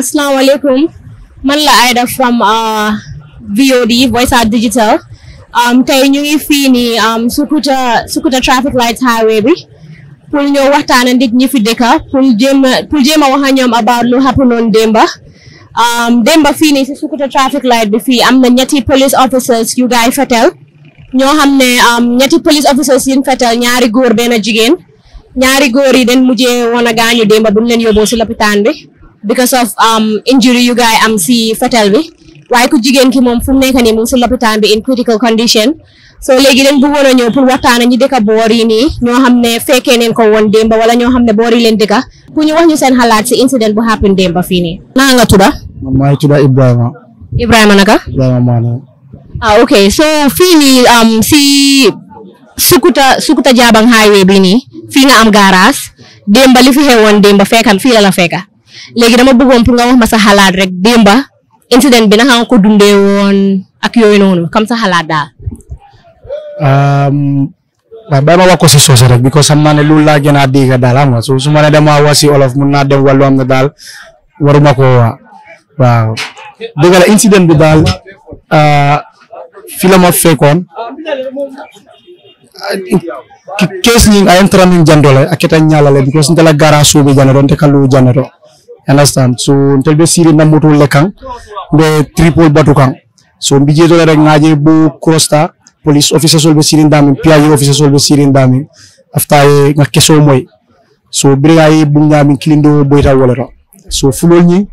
asalaamaaleykum man la Aida from uh, VOD Voice Out Digital um, tey ñu ngi fii nii um, Sukuta Sukuta traffic light highway bi pour ñëw waxtaan nit ñi fi dëkk pour jéem a pour jéem a wax ak ñoom about lu happenoon démba um, démba fii ni si Sukuta traffic light bi fii am na ñetti police officers yu gaay fetel ñoo xam ne ñetti police officers yi fetel ñaari góor a jigéen ñaari góor yi den mujjee woon a gaañu démba bu ñu leen yóbboo si lopitaan bi. because of um, injury yu gaay am si fetel bi waaye ku jigéen ki moom fu mu nekk nii mu ngi si lopitaan bi in critical condition so léegi dañ bëggoon a ñëw pour waxtaan ñu dëkk boor nii ñoo xam ne fekkee neen ko woon démba wala ñoo xam ne boor yi leen dëkk pour ñu wax ñu seen xalaat si incident bu happen démba fii nii. naa nga tudd. man maa ngi tudd Ibrahima. Ibrahima naka. Ibrahima Maane. ah ok so fii nii um, si Sukuta Sukuta Jabang highway bi nii fii nga am garage démba li fi xewoon démba fekkal fii la legi dama bëggoon pour nga wax ma sa xalaat rek démba incident bi naka nga ko dundé won ak yoy nonu kam sa xalaat da um ba ma wax ko ci rek because sama naa ne loolu laa gën a dégg daal nga su ma ne dama wasi si olof mu na dem walu am na waruma ko waaw incident bi euh fi la ma fekkon kess ni a entramin jandole aketa nyalale because ndala gara suubi jano don teka understand so tel be siri na moto lekang be triple batu so mbi jeto rek ngaje bu crosta police officer sol be siri ndami PI officer sol be siri ndami afta e nga keso moy so briga bu ngami kilindo boyta wala so fulol ni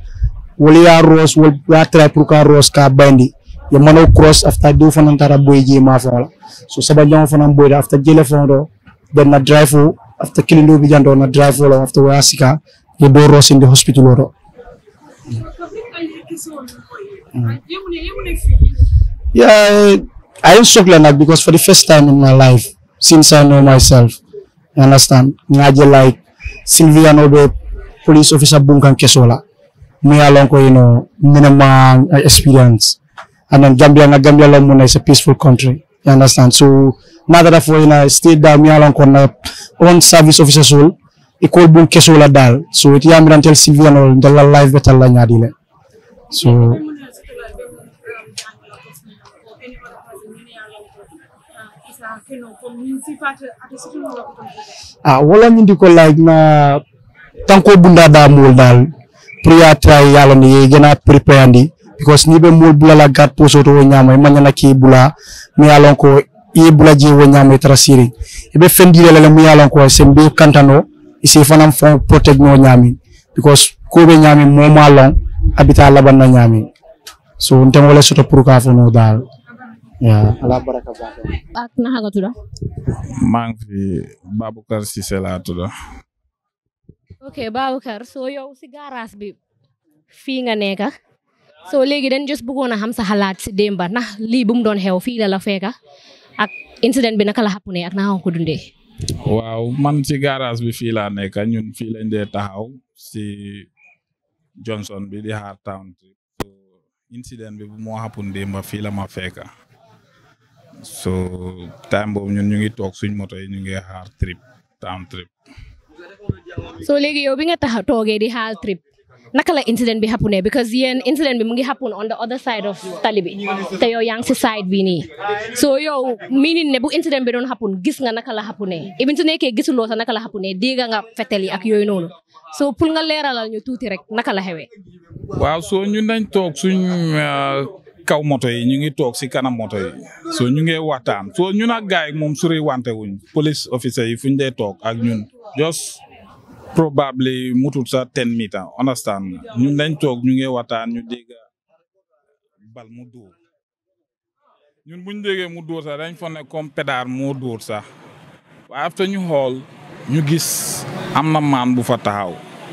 wala ya ros wala ya try pour ka ros ka bandi ya mano cross after do fanan tara boy je ma fa so saba jam fanan boy da after jele do den na drive afta kilindo bi jando na drive wala afta wa sika የዶሮ ሲንዴ ሆስፒታል ወሮ yeah i am shocked like because for the first time in my life since i know myself you understand ngaje like sylvia no the police officer and kesola me along you know minima uh, experience and then gambia na gambia long is a peaceful country you understand so now that i you know, stayed down me along one service officer soul ikol bu keso la dal so ti yamiran tel civilian de la live betal la nyaadi so ah wala nyindi ko like na tanko bunda da mul dal priya try yalla ni gëna prepare because ni be mul bula la gat poso to ma ñana ki bula mi yalla ko e ji wo nyama trasiri e be le la mu yalla ko sembe kantano isi fanam fo protect no nyami because ko be nyami mo ma long abita laban na nyami so ntem wala soto pour ka no dal ya ala baraka ba ak na haga tuda mang fi babukar si cela tuda okay babukar so yo si garage bi fi nga neka so legui dañ just bëggoon a xam sa halat si demba nah li bu mu don xew fi la la feka ak incident bi naka la xappu ak na ko dundé waaw man ci garage bi fii laa nekk ñun fii lañ dee taxaw si Johnson bi di Hard Town Trip so incident bi bu moo xapun démba fii la ma fekka so time boobu ñun ñu ngi toog suñ moto yi ñu ngi Hard Trip Town Trip so léegi yow bi nga tax di Hard Trip naka la incident bi happen because yéen incident bi mu ngi happen on the other side of tali bi te yow yaa ngi si side bi nii so yow meaning ne bu incident bi doon happen gis nga naka la happen even su nekkee gisuloo sa naka la happen dégg nga fetel yi ak yooyu noonu so pour nga leeralal ñu tuuti rek naka la xewee. waaw soo ñun dañ toog suñ ah, kaw moto yi ñu ngi toog si kanam moto yi soo ñu ngi waxtaan soo ñun ak gaay moom suri wante wuñ police officer yi fuñ dee toog ak ñun probably mutul sa ten meter understand ñun dañ toog ñu ngi waxtaan ñu dégg bal mu dóor ñun buñ déggee mu dóor sax dañ fa ne comme pédar moo dóor sax waaye after ñu xool ñu gis am na maan bu fa taaw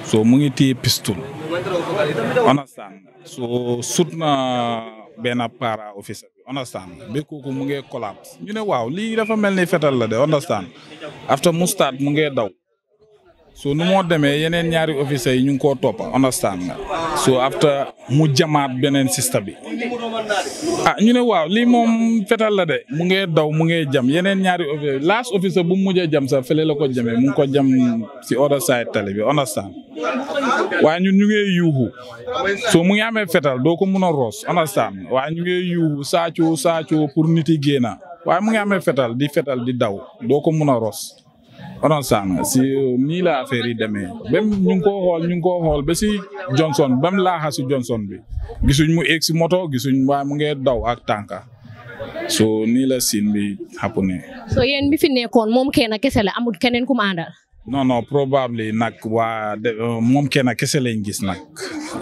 so mu ngi téye pistol understand so sut na benn para officer bi understand ba kooku mu ngi collapse ñu ne waaw lii dafa mel ni fetal la de understand after mu start mu ngi daw so nu moo demee yeneen ñaari officer yi ñu ngi koo topp understand nga so after mu jamaat beneen sista bi ah ñu ne waaw li moom fetal la de mu ngee daw mu ngee jam yeneen ñaari officer last officer bu mu mujjee jam sa fële la ko jamee mu ngi ko jam si other side tali bi understand waaye ñun ñu ngee yuuxu so mu ngi amee fetal doo ko mun a roos understand waaye ñu ngee yuuxu saacoo saacoo pour nit yi génna waaye mu ngi amee fetal di fetal di daw doo ko mun a roos Orange Sanga si nii la affaire yi demee même ñu ngi koo ñu ngi koo xool ba si Johnson ba mu laaxa si Johnson bi gisuñ mu egg si moto gisuñ waaye mu ngee daw ak tànka so nii la siin bi xapu ne. so yéen bi fi nekkoon moom kenn kese la amul keneen ku mu non non probable nag waa euh, moom kenn kese lañ gis nag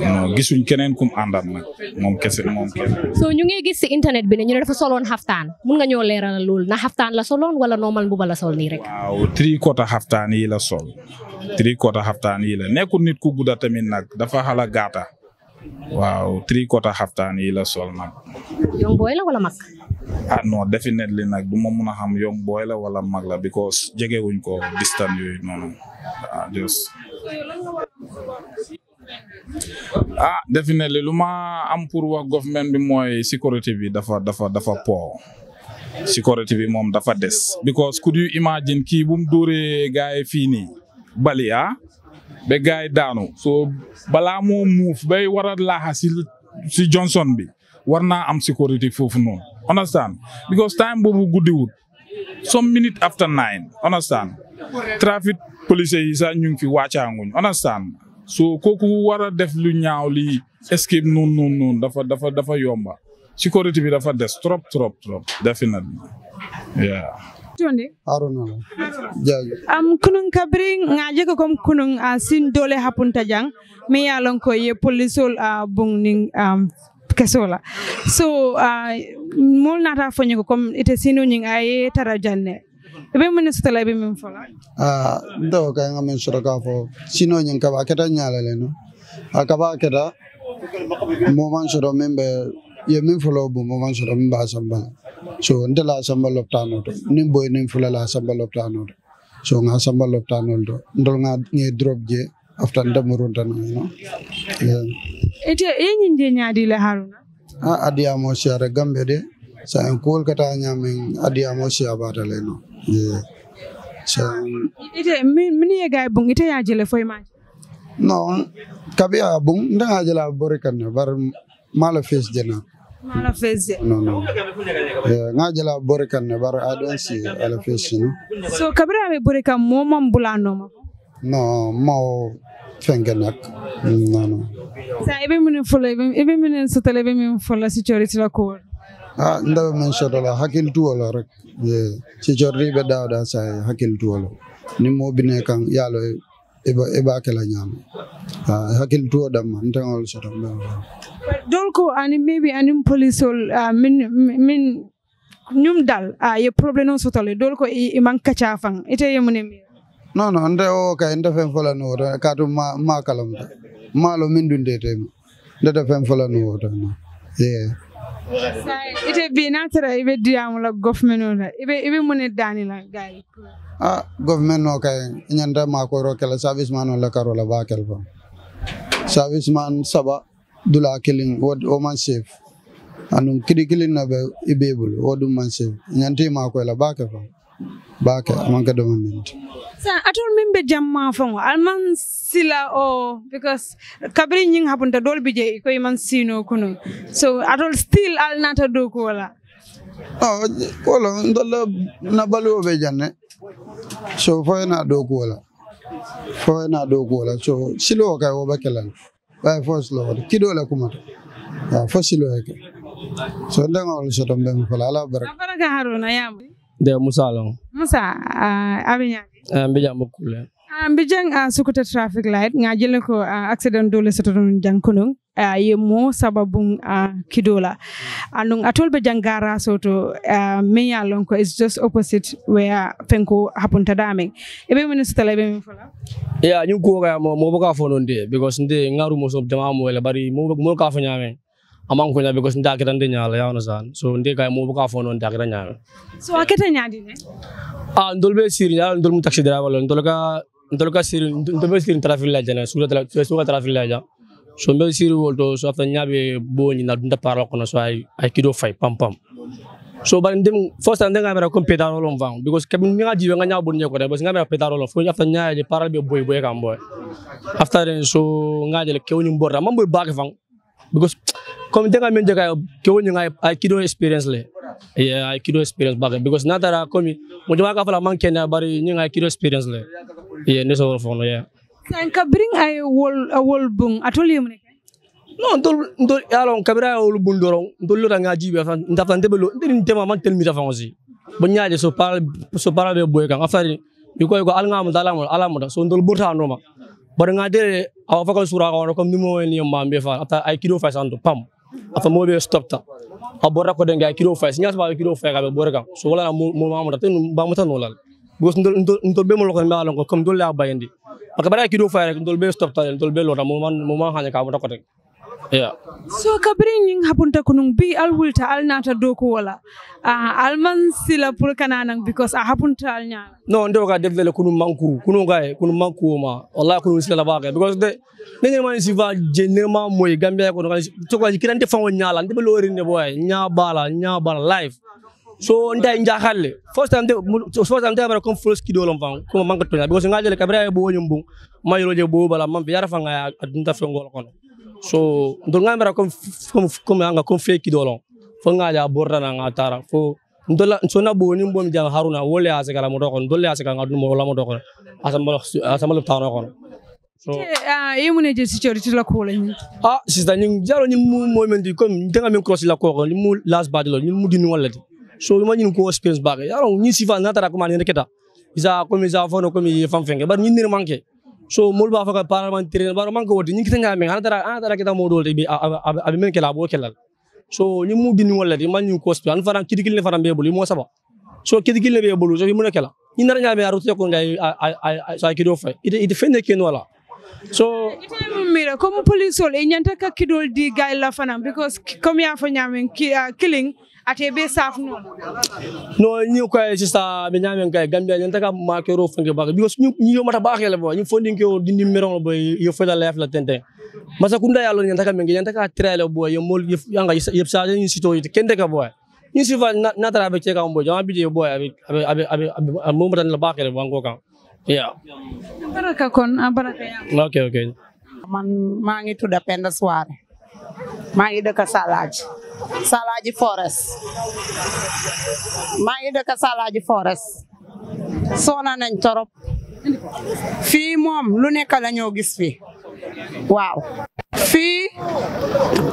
non gisuñ keneen kum àndaat nag moom kese moom kenn. so ñu ngi gis internet bi ne ñu ne dafa soloon xaftaan mun nga ñoo leeralal lool na xaftaan la soloon wala normal mbuba la sol nii rek. waaw tricota xaftaan yi la sol tricota xaftaan yi la nekkul nit ku gudda tamit nag dafa xala gaata waaw tricota xaftaan yi la sol nag. yow booy wala mag. ah non definitely nag du ma mun a xam young boy wala magla la because jegewuñ ko distance yooyu noonu ah just ah, lu ma am pour wa government bi mooy sécurité bi dafa dafa dafa po sécurité bi moom dafa des because could imagine kii bu mu dóoree gars yi fii nii bali ah? daanu so balaa moo move bay war a si Johnson bi war naa am sécurité foofu noonu understand because time boobu guddiwut some minute after nine understand traffic police yi sax ñu ngi fi wàccaanguñ understand so kooku war a def lu ñaaw li escape noonu noonu noonu dafa dafa yomba sécurité bi dafa des trop trop trop definitely kunun kabri ngaje kom kunun ah, sin dole hapunta jang me yalon ko ye polisol ah, bung ning kesola so uh, ah, mol nata ko comme ite sinu nying ay tara janne ebe ne sutala ebe min fola ah ndo ka nga men sura ka fo sino nying ka ba nyala no akaba keta mo man sura membe ye min folo bu mo man sura min ba samba so la samba loptano to nim boy nim fula la samba loptano to so nga samba loptano to ndol nga ngi drop je after dammuruntana you know ete enyin de nyaadi le haruna ha adiyamo siare gambe de sa en kolkata ñamen adiyamo siya batale no ite mini ye gay bung ite ya jele foy ma non kabi a bung ndanga jela bore kan bar mala fes jena mala fes non non nga jela bore kan bar adon si ala fes no so kabira be bore kan mo mam bulano ma no mo fengenak nano sa ibe mune fola ibe ibe mune sotale ibe mune fola si chori sila kuwa ah ndawe man shodola hakil tuwala rek si chori be dawda sa hakil tuwala ni mo bine kan yalo iba iba kala nyama ah hakil tuwa damma ntangol shotom dolko ani maybe ani police ol uh, min min nyum dal a uh, ye problem non sotale dolko i man kacha fan ite ye mi non non nte wo oh, kay nte fola fo la nuwo to kaatu maa maa kalamuta maa lo miŋ dunteetema ndete feŋ fo la nuwo to yeah. ite bi n'a tara i be diyaamu la gofmeno la i be mun ne la gaayi ah gofmen no kay i ñanta maakoro kela service man la karo la baa kel fam service man saba dula kiliŋ wo man sef anum kidi kiliŋ na be i bee bulu wo dum man sef i ñanti maakoy la baa ke fam bake amanka domandinta sa atol min be jamma fango alman sila o oh, because kabri nying hapunta dol bije ko man sino kuno so atol still al nata do ko wala oh wala ndolla na balu be janne so na do ko wala na do ko wala so silo ka o Ba fo silo lo kido la kuma fo silo ka. so ndanga wala so tombe ko ala baraka baraka haruna ya. de Musa long. Musa uh, ah, Abidjan. Abidjan ah, bokule. Abidjan ah, uh, sukuta traffic light nga jele ko uh, accident dole sotodon jankunung uh, ye mo sababun uh, kidola anung atol be jangara soto uh, me ya lon ko is just opposite where fenko hapunta dame ebe minister lebe e min fola ya yeah, nyun ko ga mo mo boka fonon de because nde ngaru mo sob jama mo wala bari mo mo ka fanyame amang kunya because nda kita ndi nyala ya san so ndi kay mo buka phone nda kita nyala so akita nyadi ne ya? ah ndol be sir nyala ndol mu taxi driver ndol ka ndol ka sir ndol be sir traffic la jana suga sura traffic la ja so ndol sir wolto so afta nyabe bo ni na nda ko no so ay ay kido fay pam pam so ba ndem first time nga mera kom pedaro lon vang because kam nga jiwe nga nyaabo ko da because nga mera pedaro lon fo afta nyaaje paral be boy boy kam boy after so nga jele kewni mbor da boy bag vang because comme tenga men jaka ke woni ngai aikido experience le yeah aikido experience baka because na tara komi mo jama ka fala man kenya bari ni ngai aikido experience le yeah ne so fono yeah san ka bring ay wol wol bung atoli mun non ndol ndol alors kabira wol bung doron ndol lo nga jibe fa ndafa ndebelo ndin tema man tel mi ta fonsi bonyaaje so par so par be boy kan afari biko ko alnga mo dalamu alamu so ndol burta no ma bara ngadere awa fa kan sura ko ko nimo en yom mambe fa ata ay kilo fa santo pam ata mo be stop ta abora ko denga kilo fa nyas ba kilo fa ga be bora ka so wala mo mamuta tan ba muta no lal gos ndol ndol be mo lokon ma lon ko dol la bayandi akabara kilo fa rek ndol be stop ta ndol be lota mo man mo ma hanya ka mo ko Yeah. So kabrin ying hapunta kunung bi al wulta al nata doku wala. Ah uh, al man sila pul kananang because a hapunta al nya. No ndo ka develop kunung manku kunung ga kunung manku ma. Allah kunung sila ba ga because de ne man siva generally moy gambia ko to ko kirante fa wonya la ndebe lori ne boy nya bala nya bala life. So nda inja halle. First time de first time de bara kom full skido lon fang ko man ko tuna because ngajele kabra bo nyumbung mayro je bo bala man bi yara fa adunta fe kono. so ndol nga mera kom kom nga kom feki dolon fo nga ja borda na nga tara fo ndola so na bo ni mbom jang haruna wole ase kala mo do kon dolle ase kala mo la mo do kon asamal asamal tawna kon so e mo ne je si chori la kola ni ah sista ni jalo ni mo mo men di kom ndanga men cross la ko ni mo last bad lo ni mo di ni wala di so ma ni ko experience ba ya ni si fa na tara ko ma ni reketa isa ko mi za fo no ko mi fam fenge bar ni ni manke so moolu b'a fɔ ka parliamentary na baro manko woti ñinkita nga men anatara anatara kita mo a bi abe men kela abo kelal so ñi mu dini wala di man ñu kostu an faran kidi kilne faran be bulu mo saba so kidi kilne be bulu so fi mu kela ñi nar nga me aru te ko ngay sa kido fa ite ite fende ken wala so mira comme police ol e ñanta ka kidol di gaay la fanam because comme ya fa ñamen killing ate be safno no ni ko sista be nyamen kay gambia ni taka ma ke ro fonke ba because ni ni yo mata ba xele ba ni fondin ke dindi meron bo yo fela life la tente masa kunda yalo ni taka mengi ni taka trailer bo yo mol yanga yep sa ni sito yit kende ka boy ni sifa na tara be ke ka bo jama bi boy abi abi abi mo mata la ba xele bo ngo kan yeah baraka kon ah, baraka ya okay okay man maa ngi tudda Penda Suare Salaaji Forest maa ngi dëkk Salaaji Forest soona nañ torop fii moom lu nekk la ñoo gis fii waaw fii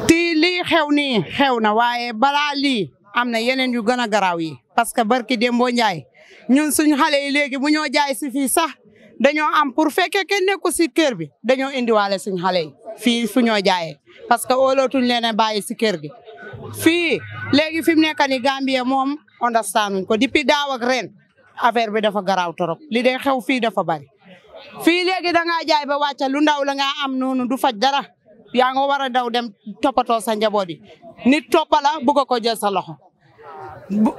ti li xew nii xew na waaye balaa lii am na yeneen yu gën a garaaw yi parce que barki Dembo Njaay ñun suñu xale yi léegi bu ñoo jaay si fii sax dañoo am pour fekkee kenn nekku si kër bi dañoo indiwaale suñu xale yi fii fu ñoo parce que óolootuñ leen a bàyyi si kër gi fii léegi fi mu nekk nii Gambie moom understand ko depuis daaw ak ren affaire bi dafa garaaw torop li day xew fii dafa bari. fii léegi da jaay ba wàcca lu ndaw la ngaa am noonu du faj dara yaa nga war a daw dem toppatoo sa njaboot yi nit toppala bu ko ko sa loxo.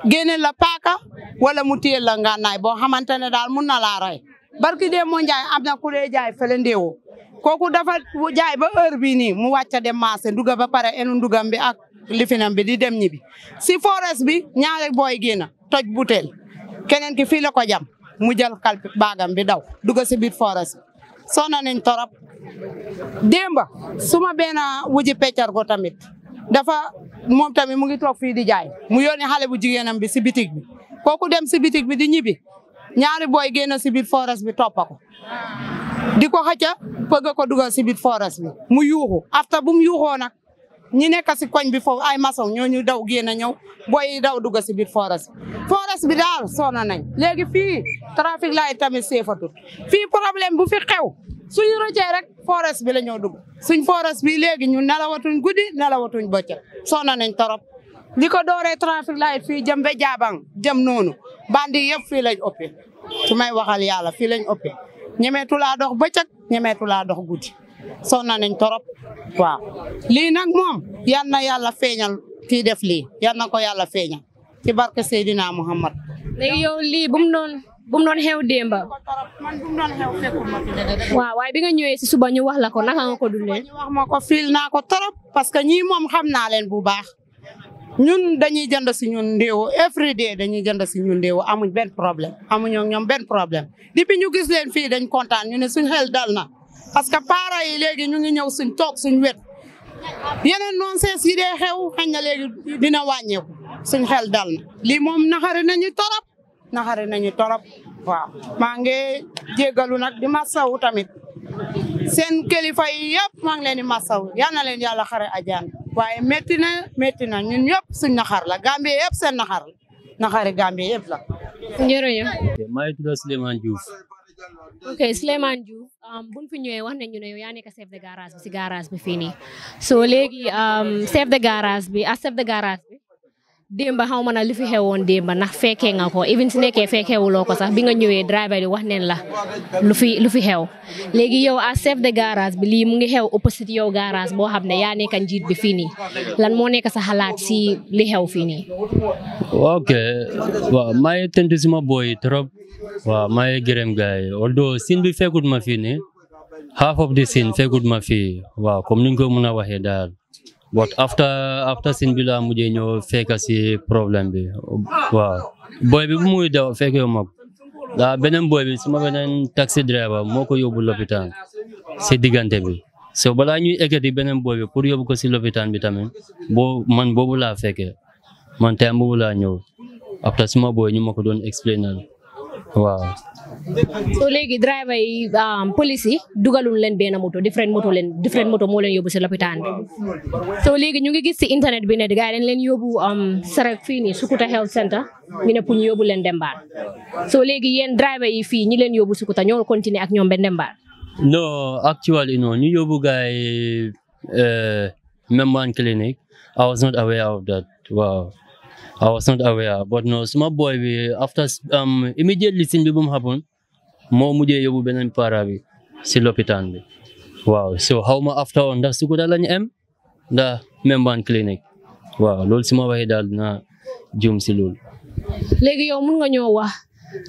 génne la paaka wala mu téye la ngànnaay boo xamante ne daal mun na laa rey barki dee am na ku dee jaay fële ndeewoo kooku dafa jaay ba heure mu wàcca dem marché nduga ba pare enu ndugam bi ak lifinam bi di dem ñibi si forest bi ñaari booy génn tooj butéel keneen ki fii la ko jam mu jël kalpi baagam bi daw dugg si biir forest bi sonn nañ torop démba suma benn wuji peccar ko tamit dafa moom tamit mu ngi toog fii di jaay mu yónni xale bu jigéenam bi si bitig bi kooku dem si bitig bi di ñibi ñaari booy génn si biir forest bi toppa di ko xëcca pëgg ko dugal si biir forest bi mu yuuxu afta bu mu yuuxoo ñi nekk si koñ bi foofu ay maçon ñoo ñu daw a ñëw booy daw dugg si biir forage forage bi daal sonn nañ léegi fii trafic laay tamit seefatul fii problème bu fi xew suñu rëccee rek forage bi la ñoo dugg suñ forage bi léegi ñu nelawatuñ guddi nelawatuñ bëccëg sonn nañ torop li ko dooree trafic fii jëm ba jaabang jëm noonu bandi yëpp fii lañ ëppee su may waxal yàlla fii lañ ëppee ñemeetu laa dox bëccëg ñemeetu laa dox guddi sonna nañ torop waaw lii nag moom yal na yàlla feeñal kii def lii yal na ko yàlla feeñal ci barke Seydina Muhammad léegi yow lii bu mu doon bu mu waaw waaye bi nga ñëwee si suba ñu wax la ko naka nga ko dundee ñu wax ko fiil naa ko torop parce que ñii moom xam naa leen bu baax ñun dañuy jënd si ñun ndéewu every day dañuy jënd si ñun ndéewu amuñ benn problème amuñoo ñoom benn problème depuis ñu gis leen fii dañ kontaan ñu ne suñ xel parce que para yi léegi ñu ngi ñew suñ tok suñ wet yeneen non sees yi dee xew xañ na léegi dina wàññeeku suñ xel dal li mom naxari nañu torop naxari nañu torop waaw ma nge jégalu nak di massaw tamit sen kelifa yi yëpp ma ngi leen di masawu yal na leen yalla xare ajaan waye metti na metti na ñun yëpp suñ naxar la Gambie sen naxar naxari Gambie la ñu may Diouf ok Souleymane Diouf um, buñ fi ñëwee wax nañu ne yow yaa nekk chef de garage bi si garage bi fii nii so léegi um, chef de garage bi à ah, chef de garage bi démba xaw ma na li fi xewoon démba ndax fekkee nga ko even su nekkee fekkeewuloo ko sax bi nga ñëwee driver di wax neen la lu fi lu fi xew léegi yow à chef de garage bi lii mu ngi xew opposite yow garage boo xam ne yaa nekk jiit bi fii nii lan moo nekk sa xalaat si li xew fii nii. ok waaw suma booy trop waaw maa ngi gërëm gars yi sin bi fekkut ma fii nii of the sin fekkut ma fii waaw comme ni ñu ko mën a waxee daal. but after after sëñ bi laa mujjee ñëw fekk si problème bi waa booy bi bu muy daw fekk yow mag daa beneen booy bi suma beneen taxi driver moo ko yóbbu lopitaan si diggante bi so balaa ñuy ekkati beneen booy bi pour yóbbu ko si lopitaan bi tamit boo man boobu laa fekkee man temps boobu laa ñëw after suma booy ñu ma ko doon explainal waaw. so léegi driver yi um, police yi dugalul leen benn moto different moto leen different moto moo leen yóbbu si lopitaan bi so léegi ñu ngi gis si internet bi ne gars yi dañ leen yóbbu um, Sarek fii nii Sukuta Health Center ñu ne pour ñu yóbbu dem Dembaar so léegi yéen driver yi fii ñi leen yóbbu Sukuta ñoo continuer ak ñoom ba Dembaar. no actually no ñu yóbbu gars yi euh, Memban clinic I was not aware of that Oh, I was not aware but noo suma boy bi after um immediately si bi bu mu happen moo mujjee yóbbu beneen para bi si lopitaan bi waaw so xaw ma after on ndax Sukuta lañu em ndax Memban clinic waaw loolu si ma waxee daal na jum si loolu. léegi yow mun nga ñoo wax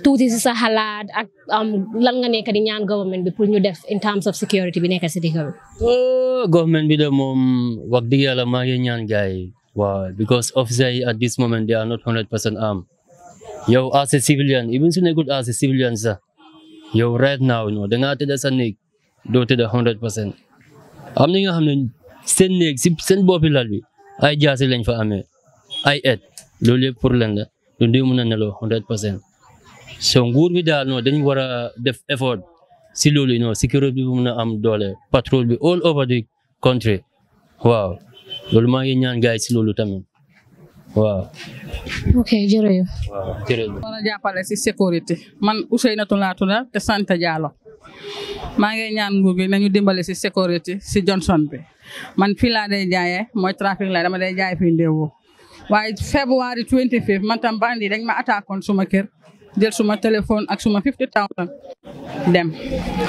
tuuti si sa xalaat ak um, lan nga nekk di ñaan government bi pour ñu def in terms of security bi nekk si dëkk bi. Oh, government bi de moom wax dëgg yàlla maa ngi ñaan gars Wow, because officers at this moment, they are not 100% armed. Yo, as a civilian, even so good as a civilian, sir. Yo, right now, you know, they're not the sun neck, do to the 100%. am na ñoo xam ne seen néeg si seen boppi lal bi ay jaasi lañ fa ame ay et loolu yëpp pour leen la du dee mën a neloo hundred percent so nguur bi daal non dañ war a def effort si loolu non sécurité bi mën a am doole patrol bi all over the country waaw loolu maa ngi ñaan gars si loolu tamit waaw. ok jërëjëf. waaw jërëjëf. war jàppale si sécurité man Ousseynatou laa tudd te sant Diallo maa ngi ñaan nguur gi nañu dimbale si sécurité si Johnson bi man fii laa day jaayee mooy trafic la dama day jaay fii Ndewo waaye février 25 man tam bandi dañ ma attaquoon suma kër jël suma téléphone ak suma 50 000 dem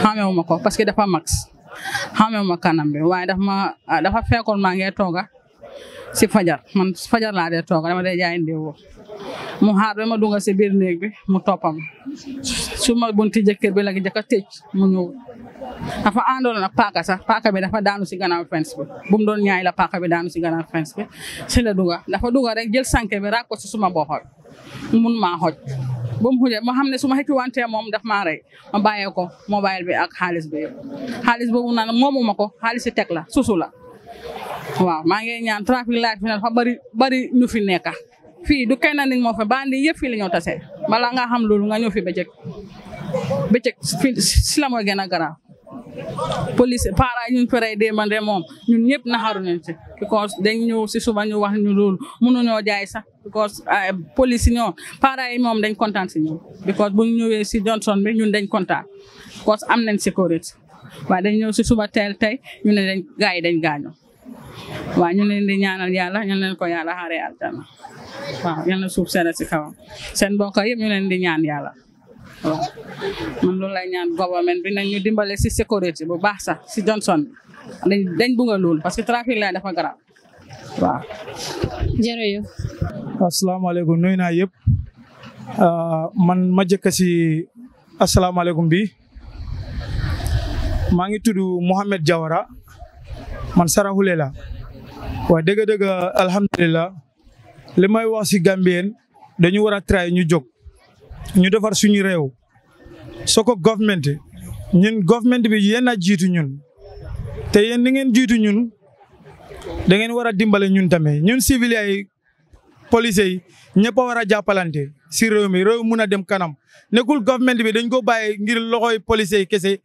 xamewuma ko parce que dafa max. xamee ma kanam bi waaye dafa ma dafa fekkoon maa ngi tooga si fajar man fajar laa dee tooga dama dee jaay ndéewoo mu xaar ba ma dugg si biir néeg bi mu toppam su ma bunti jëkkër bi la njëkk a mu ñëw dafa àndoon na paaka sax paaka bi dafa daanu si gannaaw fence bi bu mu doon ñaay la paka bi daanu si gannaaw fence bi si la dugg dafa dugg rek jël sànke bi ko suma boppam mun maa xoj ba mu xujee ma xam ne su ma xëcc wantee moom daf maa rey ma bàyyee ko mobile bi ak xaalis bi yëpp xaalis boobu naan moomuma ko xaalis si teg la susu la waaw maa ngi ñaan trafic laaj fi ne dafa bari bari ñu fi nekk fii du kenn nit moo fa bandi yëpp fii la ñoo tase balaa nga xam loolu nga ñëw fi bëccëg bëccëg fi la mooy gën a garaaw police para ñu fi rey démande moom ñun ñëpp naxaru nañ ci because dañ ñëw si suba ñu wax ñu loolu mënuñoo jaay sax because eh, police ñoo para yi moom dañ kontaan si ñoom because ñëwee si Johnson bi ñun dañ kontaan because am nañ si sécurité waaye dañ ñëw si suba teel tey ñu ne dañ yi dañ gaañoo waaw ñun leen di ñaanal yàlla ñu leen ko yàlla xaaree aljana waaw yal na suuf sedd si kawam seen mbokk yëpp ñu leen di ñaan yàlla man lool lay ñaan government bi ñu dimbalé si sécurité bu baax sax si Johnson dañ dañ nga lool parce que trafic la dafa garab assalamu alaykum nuy na naa euh man ma ci si alaykum bi ma ngi tuddu mohammed Jawara man sarahulé la wa dëgg-dëgg alhamdullilah limay wax ci Gambien dañu wara tray try ñu jóg. ñu defar suñu réew soko ko government ñun government bi yéen a jiitu ñun te yéen ni ngeen jiitu ñun da ngeen war a dimbale ñun tamit ñun civiliens yi police yi ñëpp a war a jàppalante si réew mi réew mun a dem kanam nekkul government bi dañ ko bàyyi ngir loxoy police yi kese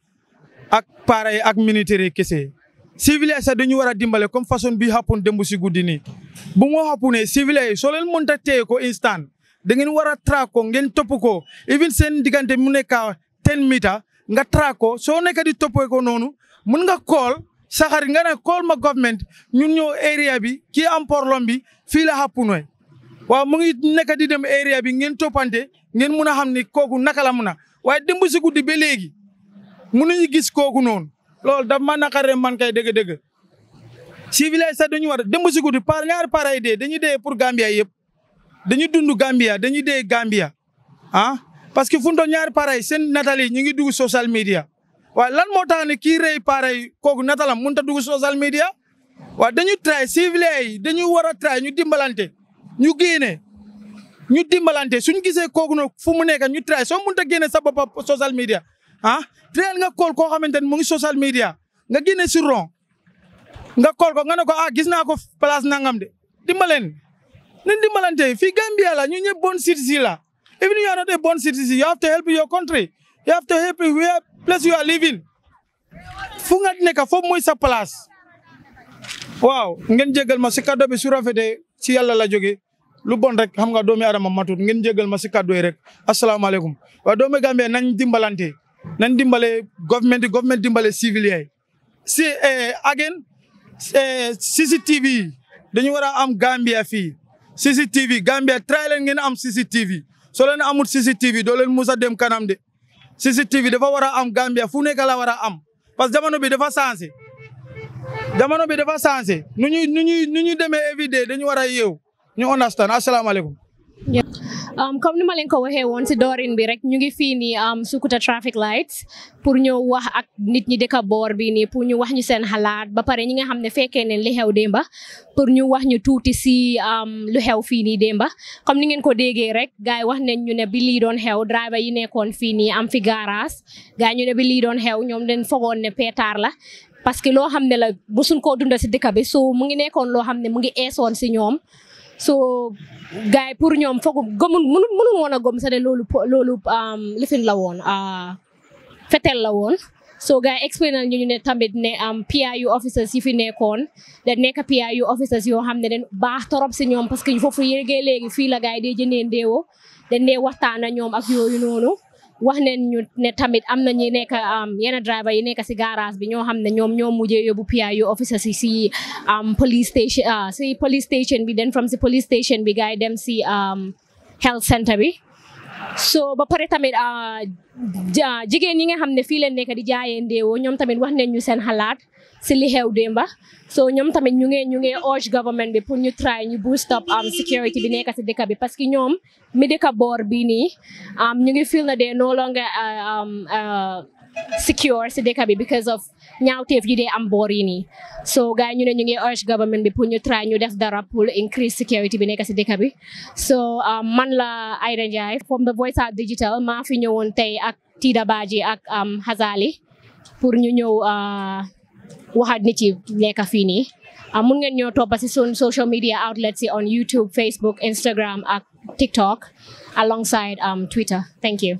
ak pare yi ak militaire yi kese. civiliens sax dañu war a dimbale comme façon bi xappun demb si guddi nii bu moo xappunee civiliens yi soo leen mënta téye ko instant Dengan wara trako ngen topuko, even sen digante mu nekk 10 meter nga trako so nekk di topo ko nonu mun nga call sahar nga na call ma government ñun ñoo area bi ki am problem bi fi la xàppu noy wa mu ngi di dem area bi ngen topante ngen mun muna, xam ni kooku naka la mun a waaye démb si guddi gis koku non lol da ma nakare man kay deug deug civilisation dañu war a démb guddi par ñaar pare de dañu dañuy pour Gambia dañu dund Gambia dañu dee Gambia ah parce que fu mu doon ñaari parey seen natal yi ñu ngi dugg social media waaye lan moo tax ne kii rey parey kooku natalam mënut a dugg social media. waaw dañu try civilien yi dañu war a try ñu dimbalante ñu génne ñu dimbalante suñu gisee kooku nag fu mu nekk ñu try soo mënut a génne sa bopp social media ah teel nga kool koo xamante ne mu ngi social media nga génne si ron nga kool ko nga ne ko ah gis naa ko place nangam de dimbaleen nañ dimbalante fii Gambia la ñu ñëpp bon citizen la if you are not a bon citizen you have to help your country you have help where place you are living fu nga nekk foofu mooy sa place waaw ngeen jégal ma si kàddu bi su rafetee ci yàlla la jóge lu bon rek xam nga doomi aadama matut ngeen jégal ma si kàddu yi rek asalaamaaleykum wa doomi Gambia nañ dimbalante nañ dimbale government government dimbale civil yaay si eh, again eh, CCTV dañu war a am Gambia fii CCTV Gambia try leen ngeen am CCTV soo leen amul CCTV doo leen mus a dem kanam de CCTV dafa war a am Gambia fu nekk la war a am parce que jamono bi dafa sensé jamono bi dafa sensé nu ñuy nu ñuy nu ñuy demee every day dañu war a yeew ñu understand asalaamaaleykum Um, comme ni ma leen ko waxee woon si doorin bi rek ñu ngi fii nii um, Sukuta traffic lights pour ñu wax ak nit ñi dëkk boor bi nii pour ñu wax ñu seen xalaat ba pare ñi nga xam ne fekkee neen li xew démba pour ñu wax ñu tuuti si um, lu xew fii nii démba comme ni ngeen ko déggee rek gars yi wax nañ ñu ne bi lii doon xew driver yi nekkoon fii nii am fi garage gars ñu ne bi lii doon xew ñoom dañ fogoon ne pétard la parce que loo xam ne la bu suñ koo dunda si dëkk bi so mu ngi nekkoon loo xam ne mu ngi eesoon si so gars yi pour ñoom foog gëmul mënul mënul woon a gëm sa ne loolu loolu um, lifin la woon uh, fetel la woon so gars yi explain nañu ñu ne tamit ne um, PIU officers yi fi nekkoon da nekk PIU officers yoo xam ne den baax torop si ñoom parce que foofu yégee léegi fii la gars yi dee jëndee ndéewo dañ dee waxtaan ak ñoom ak yooyu noonu wax leen ñu ne tamit am na ñu nekk um, yenn driver yi nekk si garage bi ñoo xam ne ñoom ñoo mujjee yóbbu PIO officer si si um, police station si uh, police station bi den from si police station bi gars yi dem si um, health center bi so ba pare tamit uh, jigéen ñi nga xam ne fii leen nekk di jaayee ndeewoo ñoom tamit wax nañ ñu seen xalaat si li xew démba so ñoom tamit ñu ngi ñu ngi urge government bi pour ñu try ñu boost up am um, security bi nekk si dëkk bi parce que ñoom mi dëkk boor bii nii um, ñu ngi feel na dee no longer uh, um, uh, secure si dëkk bi because of ñaawteef yi dee am boor yi nii so ñu ne ñu ngi urge government bi pour ñu try ñu def dara pour increase security bi nekk si dëkk bi so man la Aida Njie from the Voice Out Digital maa fi ñëwoon tey ak Tida Badji ak Hazali pour ñu ñëw uh, We nit yi nekk fii nii ah, mun ngeen ñoo toppa si sun social media outlets yi on YouTube Facebook Instagram ak TikTok alongside um, Twitter thank you